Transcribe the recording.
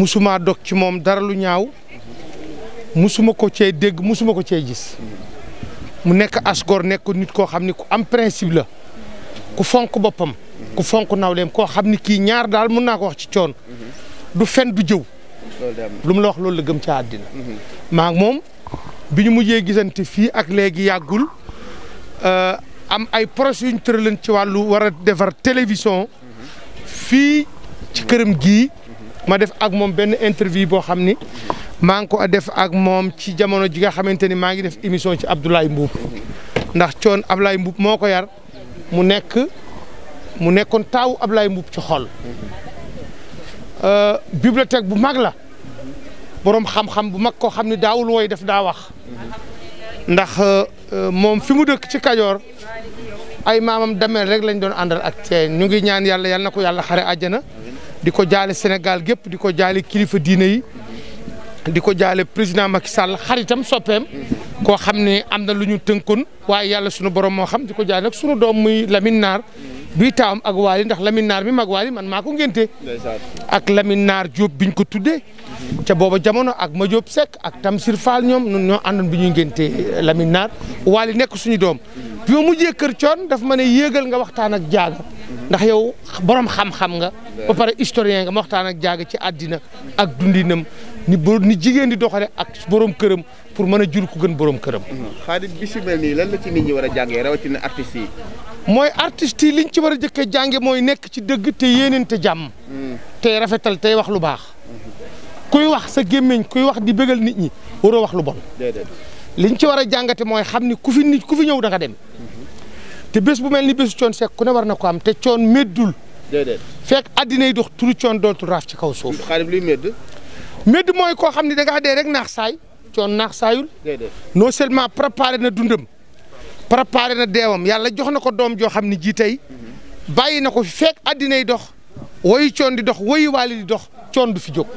musuma dog ci moom dara lu ñaaw musuma ko cee dégg musuma ko cee gis mu nekk asgor nekk nit koo xam ni ko am principe la ku fonk boppam ku fonk nawleem koo xam ni kii ñaar daal mën naa ko wax ci coon du fen du jëw lu mu la wax loolu la gëm ci àddina maa moom bi ñu mujjee gisante fii ak léegi yàggul euh, am ay projet yuñ ñu tëraleen ci wàllu war a defar télévision fii ci këram gii ma def ak moom benn interview boo xam ni maa ngi ko def ak moom ci jamono ji nga xamante ni maa ngi def émission ci Abdoulaye Mbuub ndax coon Abdoulaye Mbuub moo ko yar mu nekk mu nekkoon taaw Abdoulaye Mbuub ci xol euh, bibliothèque bu mag la boroom xam-xam bu mag koo xam ni daawul wooy def daa wax ndax euh, euh, moom fi mu dëkk ci Kajoor ay maamam dameel rek lañ doon àndal ak teen ñu ngi ñaan yàlla yàlla na ko yàlla xare àjjana di ko jaale Sénégal gépp di ko jaale kilifa diine yi di ko jaale président Macky Sall xaritam soppeem koo xam ne am lu ñu tënkoon waaye yàlla sunu borom moo xam di ko jaale nag sunu doom muy Lamine Naar bii taawam ak waali ndax Lamine Naar mi mag waali man maa ko ngénte ak Lamine Naar Diop biñ ko tuddee ca booba jamono ak ma Diop Seck ak Tamsir Fall ñoom ñun ñoo àndoon bi ñuy ngénte Lamine Naar waali nekk suñu doom bi mu mujjee kër coon daf ma ne yéegal nga waxtaan ak jaaga ndax yow borom xam-xam nga ba pare historien nga waxtaan ak jaaga ci àddina ak dundinam ni bo ni jigéen di doxale ak borom këram pour mën a jur ku gën borom këram. xaadim bi si mel nii lan la ci nit ñi war a jàngee rawatina artistes yi. mooy artistes yi liñ ci war a a jànge mooy nekk ci dëgg te yéeneente jàmm. Mm. tey rafetal tey wax lu baax. kuy wax sa gémmiñ kuy wax di bégal nit ñi waroo wax lu bon. liñ ci war a jàngate mooy xam ni ku fi nit ku fi ñëw da nga dem. te bés bu mel ni bésu coon sekk ku ne war na ko am te coon méddul déedéet fekk addina yi dox turu coon dootul raaf ci kaw suuf xaadim médd médd mooy koo xam ne da nga dee rek naax saay coon naax saayul non seulement préparé na dundam préparé na deewam yàlla jox na ko doom joo xam ne jii tey bàyyi na ko fekk addina yi dox woyu coon di dox woyu waali di dox coon du fi jóg